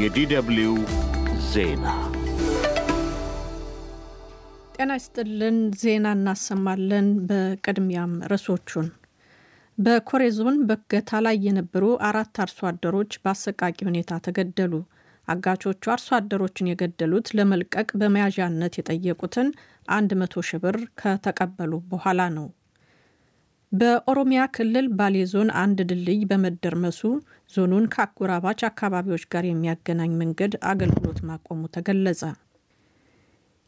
የዲደብልዩ ዜና ጤና ይስጥልን። ዜና እናሰማለን። በቅድሚያም ርዕሶቹን በኮሬ ዞን በገታ ላይ የነበሩ አራት አርሶ አደሮች በአሰቃቂ ሁኔታ ተገደሉ። አጋቾቹ አርሶ አደሮችን የገደሉት ለመልቀቅ በመያዣነት የጠየቁትን አንድ መቶ ሺህ ብር ከተቀበሉ በኋላ ነው። በኦሮሚያ ክልል ባሌ ዞን አንድ ድልድይ በመደርመሱ ዞኑን ከአጎራባች አካባቢዎች ጋር የሚያገናኝ መንገድ አገልግሎት ማቆሙ ተገለጸ።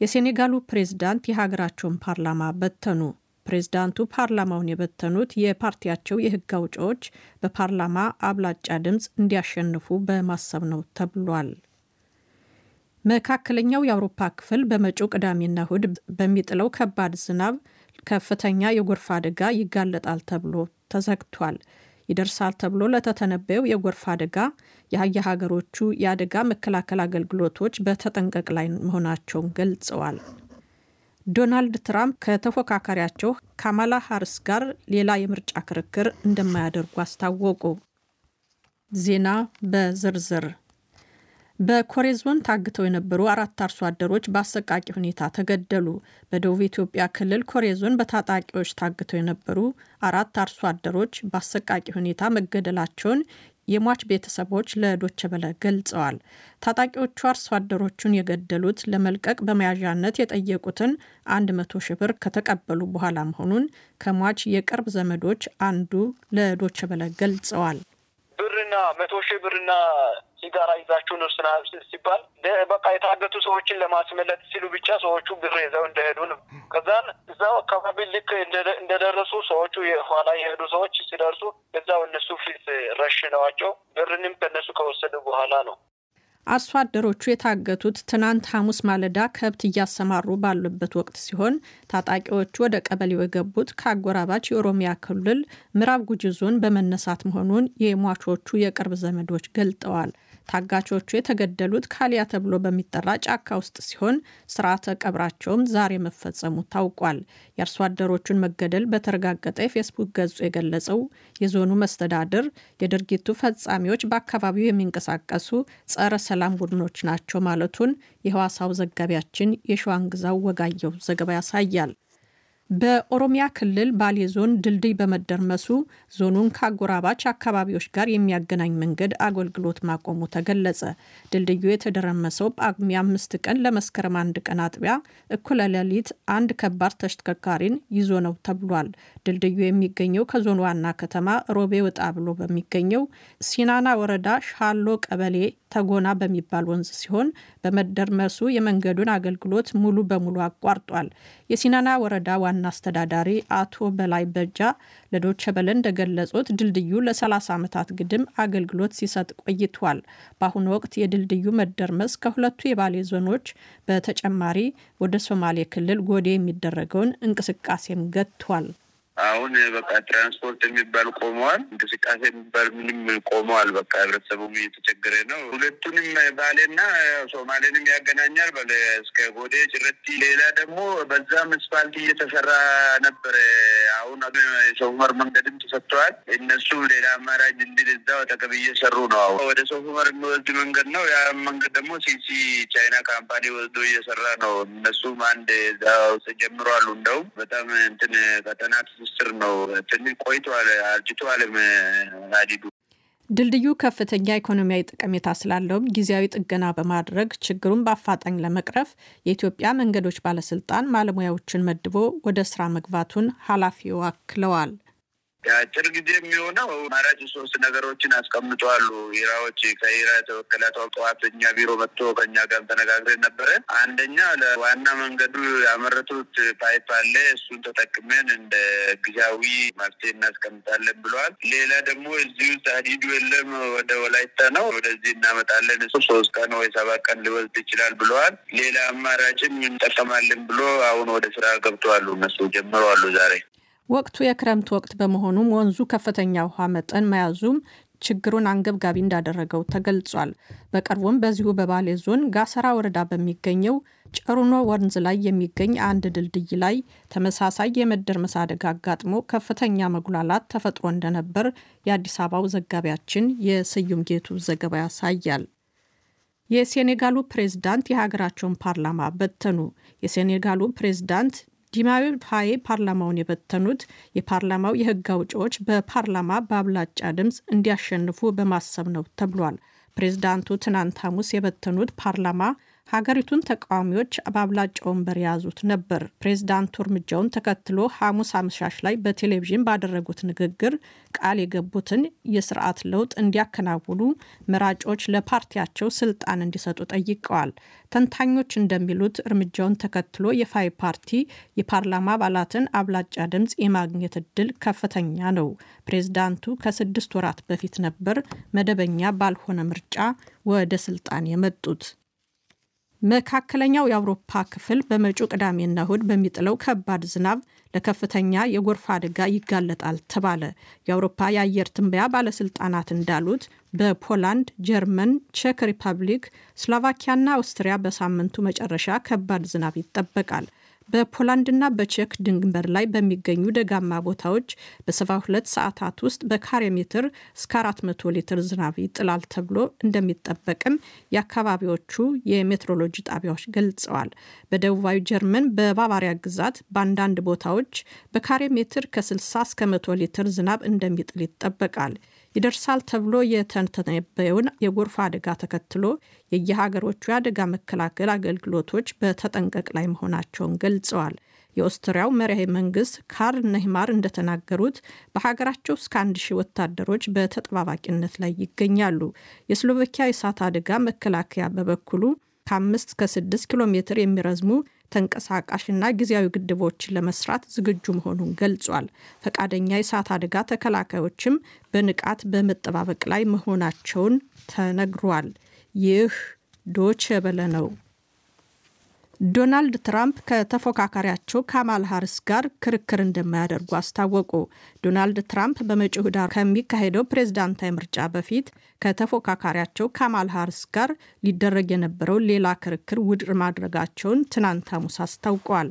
የሴኔጋሉ ፕሬዝዳንት የሀገራቸውን ፓርላማ በተኑ። ፕሬዝዳንቱ ፓርላማውን የበተኑት የፓርቲያቸው የሕግ አውጪዎች በፓርላማ አብላጫ ድምፅ እንዲያሸንፉ በማሰብ ነው ተብሏል። መካከለኛው የአውሮፓ ክፍል በመጪው ቅዳሜና እሁድ በሚጥለው ከባድ ዝናብ ከፍተኛ የጎርፍ አደጋ ይጋለጣል ተብሎ ተዘግቷል። ይደርሳል ተብሎ ለተተነበየው የጎርፍ አደጋ የሀያ ሀገሮቹ የአደጋ መከላከል አገልግሎቶች በተጠንቀቅ ላይ መሆናቸውን ገልጸዋል። ዶናልድ ትራምፕ ከተፎካካሪያቸው ካማላ ሃርስ ጋር ሌላ የምርጫ ክርክር እንደማያደርጉ አስታወቁ። ዜና በዝርዝር በኮሬ ዞን ታግተው የነበሩ አራት አርሶ አደሮች በአሰቃቂ ሁኔታ ተገደሉ። በደቡብ ኢትዮጵያ ክልል ኮሬ ዞን በታጣቂዎች ታግተው የነበሩ አራት አርሶ አደሮች በአሰቃቂ ሁኔታ መገደላቸውን የሟች ቤተሰቦች ለዶቸበለ ገልጸዋል። ታጣቂዎቹ አርሶ አደሮቹን የገደሉት ለመልቀቅ በመያዣነት የጠየቁትን አንድ መቶ ሺህ ብር ከተቀበሉ በኋላ መሆኑን ከሟች የቅርብ ዘመዶች አንዱ ለዶቸበለ ገልጸዋል። ብርና መቶ ሺህ ብርና ሲጋራ ይዛችሁ እርሱና ሲባል በቃ የታገቱ ሰዎችን ለማስመለጥ ሲሉ ብቻ ሰዎቹ ብር ይዘው እንደሄዱ ነው። ከዛን እዛው አካባቢ ልክ እንደደረሱ ሰዎቹ የኋላ የሄዱ ሰዎች ሲደርሱ እዛው እነሱ ፊት ረሽነዋቸው ብርንም ከነሱ ከወሰዱ በኋላ ነው። አርሶ አደሮቹ የታገቱት ትናንት ሐሙስ ማለዳ ከብት እያሰማሩ ባሉበት ወቅት ሲሆን ታጣቂዎቹ ወደ ቀበሌው የገቡት ከአጎራባች የኦሮሚያ ክልል ምዕራብ ጉጂ ዞን በመነሳት መሆኑን የሟቾቹ የቅርብ ዘመዶች ገልጠዋል። ታጋቾቹ የተገደሉት ካሊያ ተብሎ በሚጠራ ጫካ ውስጥ ሲሆን ስርዓተ ቀብራቸውም ዛሬ መፈጸሙ ታውቋል። የአርሶ አደሮቹን መገደል በተረጋገጠ የፌስቡክ ገጹ የገለጸው የዞኑ መስተዳድር የድርጊቱ ፈጻሚዎች በአካባቢው የሚንቀሳቀሱ ጸረ ሰላም ቡድኖች ናቸው ማለቱን የህዋሳው ዘጋቢያችን የሸዋንግዛው ወጋየው ዘገባ ያሳያል። በኦሮሚያ ክልል ባሌ ዞን ድልድይ በመደርመሱ ዞኑን ከአጎራባች አካባቢዎች ጋር የሚያገናኝ መንገድ አገልግሎት ማቆሙ ተገለጸ። ድልድዩ የተደረመሰው ጳጉሜ አምስት ቀን ለመስከረም አንድ ቀን አጥቢያ እኩለ ሌሊት አንድ ከባድ ተሽከርካሪን ይዞ ነው ተብሏል። ድልድዩ የሚገኘው ከዞን ዋና ከተማ ሮቤ ወጣ ብሎ በሚገኘው ሲናና ወረዳ ሻሎ ቀበሌ ተጎና በሚባል ወንዝ ሲሆን በመደርመሱ የመንገዱን አገልግሎት ሙሉ በሙሉ አቋርጧል። የሲናና ወረዳ ዋና አስተዳዳሪ አቶ በላይ በጃ ለዶቼ ቬለ እንደገለጹት ድልድዩ ለ30 ዓመታት ግድም አገልግሎት ሲሰጥ ቆይቷል። በአሁኑ ወቅት የድልድዩ መደርመስ ከሁለቱ የባሌ ዞኖች በተጨማሪ ወደ ሶማሌ ክልል ጎዴ የሚደረገውን እንቅስቃሴም ገጥቷል። አሁን በቃ ትራንስፖርት የሚባል ቆመዋል። እንቅስቃሴ የሚባል ምንም ቆመዋል። በቃ ህብረተሰቡም እየተቸገረ ነው። ሁለቱንም ባሌና ሶማሌንም ያገናኛል በ እስከ ጎዴ ጭረቲ። ሌላ ደግሞ በዛም አስፋልት እየተሰራ ነበረ። አሁን የሶፉመር መንገድም ተሰጥተዋል። እነሱ ሌላ አማራጭ እንዲል እዛ አጠገብ እየሰሩ ነው። አሁን ወደ ሶፉመር የሚወስድ መንገድ ነው። ያ መንገድ ደግሞ ሲሲ ቻይና ካምፓኒ ወስዶ እየሰራ ነው። እነሱም አንድ እዛ ውስጥ ጀምረዋሉ። እንደውም በጣም እንትን ቀጠናት ምስጢር ነው። ትንሽ አርጅቶ አለም አዲዱ ድልድዩ ከፍተኛ ኢኮኖሚያዊ ጠቀሜታ ስላለውም ጊዜያዊ ጥገና በማድረግ ችግሩን በአፋጣኝ ለመቅረፍ የኢትዮጵያ መንገዶች ባለስልጣን ማለሙያዎችን መድቦ ወደ ስራ መግባቱን ኃላፊው አክለዋል። የአጭር ጊዜ የሚሆነው ማራጭ ሶስት ነገሮችን አስቀምጠዋሉ። ኢራዎች ከኢራ የተወከለ ተወቀዋት እኛ ቢሮ መጥቶ ከኛ ጋር ተነጋግረን ነበረ። አንደኛ ለዋና መንገዱ ያመረቱት ፓይፕ አለ። እሱን ተጠቅመን እንደ ጊዜያዊ መፍትሄ እናስቀምጣለን ብለዋል። ሌላ ደግሞ እዚህ ውስጥ ሀዲዱ የለም፣ ወደ ወላይታ ነው፣ ወደዚህ እናመጣለን። እሱ ሶስት ቀን ወይ ሰባት ቀን ሊወስድ ይችላል ብለዋል። ሌላ አማራጭም እንጠቀማለን ብሎ አሁን ወደ ስራ ገብተዋሉ። እነሱ ጀምረዋሉ ዛሬ ወቅቱ የክረምት ወቅት በመሆኑም ወንዙ ከፍተኛ ውሃ መጠን መያዙም ችግሩን አንገብጋቢ እንዳደረገው ተገልጿል። በቅርቡም በዚሁ በባሌ ዞን ጋሰራ ወረዳ በሚገኘው ጨሩኖ ወንዝ ላይ የሚገኝ አንድ ድልድይ ላይ ተመሳሳይ የመደርመስ አደጋ አጋጥሞ ከፍተኛ መጉላላት ተፈጥሮ እንደነበር የአዲስ አበባው ዘጋቢያችን የስዩም ጌቱ ዘገባ ያሳያል። የሴኔጋሉ ፕሬዝዳንት የሀገራቸውን ፓርላማ በተኑ። የሴኔጋሉ ፕሬዝዳንት ጂማዊ ፋዬ ፓርላማውን የበተኑት የፓርላማው የህግ አውጪዎች በፓርላማ በአብላጫ ድምፅ እንዲያሸንፉ በማሰብ ነው ተብሏል። ፕሬዝዳንቱ ትናንት ሐሙስ የበተኑት ፓርላማ ሀገሪቱን ተቃዋሚዎች በአብላጫ ወንበር የያዙት ነበር። ፕሬዝዳንቱ እርምጃውን ተከትሎ ሐሙስ አመሻሽ ላይ በቴሌቪዥን ባደረጉት ንግግር ቃል የገቡትን የስርዓት ለውጥ እንዲያከናውኑ መራጮች ለፓርቲያቸው ስልጣን እንዲሰጡ ጠይቀዋል። ተንታኞች እንደሚሉት እርምጃውን ተከትሎ የፋይ ፓርቲ የፓርላማ አባላትን አብላጫ ድምፅ የማግኘት እድል ከፍተኛ ነው። ፕሬዝዳንቱ ከስድስት ወራት በፊት ነበር መደበኛ ባልሆነ ምርጫ ወደ ስልጣን የመጡት። መካከለኛው የአውሮፓ ክፍል በመጪው ቅዳሜና እሁድ በሚጥለው ከባድ ዝናብ ለከፍተኛ የጎርፍ አደጋ ይጋለጣል ተባለ። የአውሮፓ የአየር ትንበያ ባለስልጣናት እንዳሉት በፖላንድ፣ ጀርመን፣ ቼክ ሪፐብሊክ፣ ስሎቫኪያና አውስትሪያ በሳምንቱ መጨረሻ ከባድ ዝናብ ይጠበቃል። በፖላንድና በቼክ ድንበር ላይ በሚገኙ ደጋማ ቦታዎች በ72 ሰዓታት ውስጥ በካሬ ሜትር እስከ 400 ሊትር ዝናብ ይጥላል ተብሎ እንደሚጠበቅም የአካባቢዎቹ የሜትሮሎጂ ጣቢያዎች ገልጸዋል። በደቡባዊ ጀርመን በባቫሪያ ግዛት በአንዳንድ ቦታዎች በካሬ ሜትር ከ60 እስከ 100 ሊትር ዝናብ እንደሚጥል ይጠበቃል። ይደርሳል ተብሎ የተነበየውን የጎርፍ አደጋ ተከትሎ የየሀገሮቹ የአደጋ መከላከል አገልግሎቶች በተጠንቀቅ ላይ መሆናቸውን ገልጸዋል። የኦስትሪያው መሪያዊ መንግስት ካርል ነህማር እንደተናገሩት በሀገራቸው እስከ አንድ ሺህ ወታደሮች በተጠባባቂነት ላይ ይገኛሉ። የስሎቫኪያ የእሳት አደጋ መከላከያ በበኩሉ ከአምስት ከስድስት ኪሎ ሜትር የሚረዝሙ ተንቀሳቃሽና ጊዜያዊ ግድቦችን ለመስራት ዝግጁ መሆኑን ገልጿል። ፈቃደኛ የእሳት አደጋ ተከላካዮችም በንቃት በመጠባበቅ ላይ መሆናቸውን ተነግሯል። ይህ ዶቼ በለ ነው። ዶናልድ ትራምፕ ከተፎካካሪያቸው ካማል ሃርስ ጋር ክርክር እንደማያደርጉ አስታወቁ። ዶናልድ ትራምፕ በመጪው ኅዳር ከሚካሄደው ፕሬዝዳንታዊ ምርጫ በፊት ከተፎካካሪያቸው ካማል ሃርስ ጋር ሊደረግ የነበረው ሌላ ክርክር ውድር ማድረጋቸውን ትናንት ሐሙስ አስታውቋል።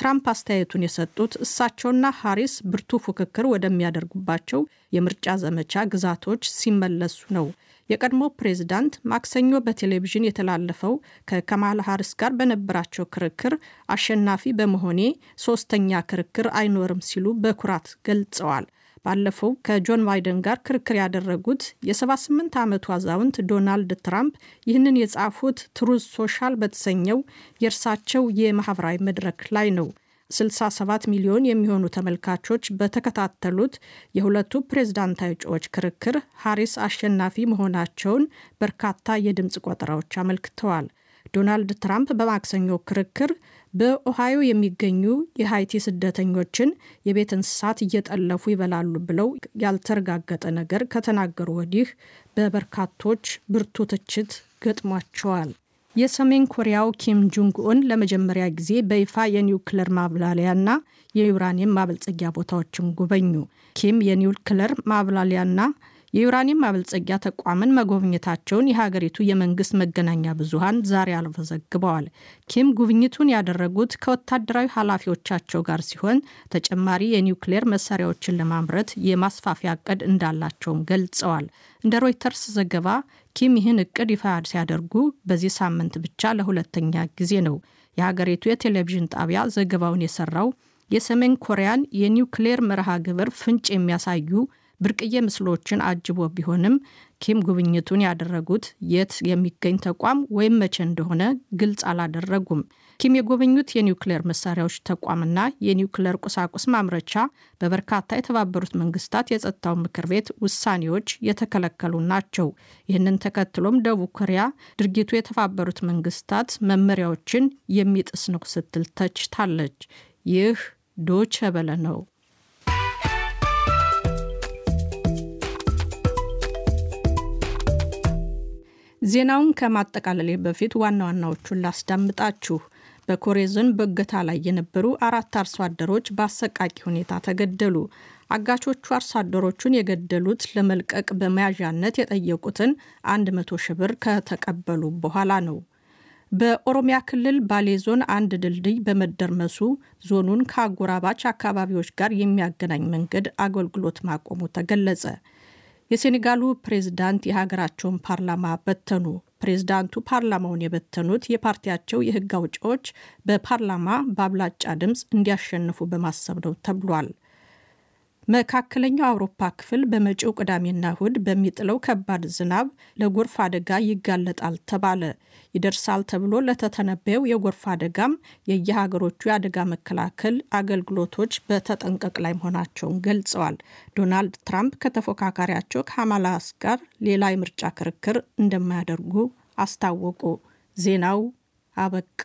ትራምፕ አስተያየቱን የሰጡት እሳቸውና ሃሪስ ብርቱ ፉክክር ወደሚያደርጉባቸው የምርጫ ዘመቻ ግዛቶች ሲመለሱ ነው። የቀድሞ ፕሬዝዳንት ማክሰኞ በቴሌቪዥን የተላለፈው ከከማል ሃሪስ ጋር በነበራቸው ክርክር አሸናፊ በመሆኔ ሶስተኛ ክርክር አይኖርም ሲሉ በኩራት ገልጸዋል። ባለፈው ከጆን ባይደን ጋር ክርክር ያደረጉት የ78 ዓመቱ አዛውንት ዶናልድ ትራምፕ ይህንን የጻፉት ትሩዝ ሶሻል በተሰኘው የእርሳቸው የማህበራዊ መድረክ ላይ ነው። 67 ሚሊዮን የሚሆኑ ተመልካቾች በተከታተሉት የሁለቱ ፕሬዝዳንታዊ እጩዎች ክርክር ሃሪስ አሸናፊ መሆናቸውን በርካታ የድምፅ ቆጠራዎች አመልክተዋል። ዶናልድ ትራምፕ በማክሰኞ ክርክር በኦሃዮ የሚገኙ የሃይቲ ስደተኞችን የቤት እንስሳት እየጠለፉ ይበላሉ ብለው ያልተረጋገጠ ነገር ከተናገሩ ወዲህ በበርካቶች ብርቱ ትችት ገጥሟቸዋል። የሰሜን ኮሪያው ኪም ጁንግ ኡን ለመጀመሪያ ጊዜ በይፋ የኒውክለር ማብላሊያና የዩራኒየም ማበልጸጊያ ቦታዎችን ጎበኙ። ኪም የኒውክለር ማብላሊያና የዩራኒየም ማበልጸጊያ ተቋምን መጎብኘታቸውን የሀገሪቱ የመንግስት መገናኛ ብዙሀን ዛሬ አልፎ ዘግበዋል። ኪም ጉብኝቱን ያደረጉት ከወታደራዊ ኃላፊዎቻቸው ጋር ሲሆን ተጨማሪ የኒውክሌር መሳሪያዎችን ለማምረት የማስፋፊያ እቅድ እንዳላቸውም ገልጸዋል። እንደ ሮይተርስ ዘገባ ኪም ይህን እቅድ ይፋ ሲያደርጉ በዚህ ሳምንት ብቻ ለሁለተኛ ጊዜ ነው። የሀገሪቱ የቴሌቪዥን ጣቢያ ዘገባውን የሰራው የሰሜን ኮሪያን የኒውክሌር መርሃ ግብር ፍንጭ የሚያሳዩ ብርቅዬ ምስሎችን አጅቦ ቢሆንም ኪም ጉብኝቱን ያደረጉት የት የሚገኝ ተቋም ወይም መቼ እንደሆነ ግልጽ አላደረጉም። ኪም የጎበኙት የኒውክሌር መሳሪያዎች ተቋምና የኒውክሌር ቁሳቁስ ማምረቻ በበርካታ የተባበሩት መንግስታት የጸጥታው ምክር ቤት ውሳኔዎች የተከለከሉ ናቸው። ይህንን ተከትሎም ደቡብ ኮሪያ ድርጊቱ የተባበሩት መንግስታት መመሪያዎችን የሚጥስ ነው ስትል ተችታለች። ይህ ዶቸ በለ ነው። ዜናውን ከማጠቃለሌ በፊት ዋና ዋናዎቹን ላስዳምጣችሁ። በኮሬ ዞን በገታ ላይ የነበሩ አራት አርሶ አደሮች በአሰቃቂ ሁኔታ ተገደሉ። አጋቾቹ አርሶ አደሮቹን የገደሉት ለመልቀቅ በመያዣነት የጠየቁትን 100 ሺህ ብር ከተቀበሉ በኋላ ነው። በኦሮሚያ ክልል ባሌ ዞን አንድ ድልድይ በመደርመሱ ዞኑን ከአጎራባች አካባቢዎች ጋር የሚያገናኝ መንገድ አገልግሎት ማቆሙ ተገለጸ። የሴኔጋሉ ፕሬዝዳንት የሀገራቸውን ፓርላማ በተኑ። ፕሬዝዳንቱ ፓርላማውን የበተኑት የፓርቲያቸው የህግ አውጪዎች በፓርላማ በአብላጫ ድምፅ እንዲያሸንፉ በማሰብ ነው ተብሏል። መካከለኛው አውሮፓ ክፍል በመጪው ቅዳሜና እሁድ በሚጥለው ከባድ ዝናብ ለጎርፍ አደጋ ይጋለጣል ተባለ። ይደርሳል ተብሎ ለተተነበየው የጎርፍ አደጋም የየሀገሮቹ የአደጋ መከላከል አገልግሎቶች በተጠንቀቅ ላይ መሆናቸውን ገልጸዋል። ዶናልድ ትራምፕ ከተፎካካሪያቸው ከሃማላስ ጋር ሌላ የምርጫ ክርክር እንደማያደርጉ አስታወቁ። ዜናው አበቃ።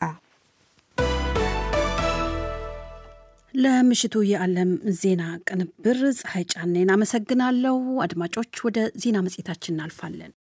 ለምሽቱ የዓለም ዜና ቅንብር ፀሐይ ጫኔን አመሰግናለሁ። አድማጮች፣ ወደ ዜና መጽሔታችን እናልፋለን።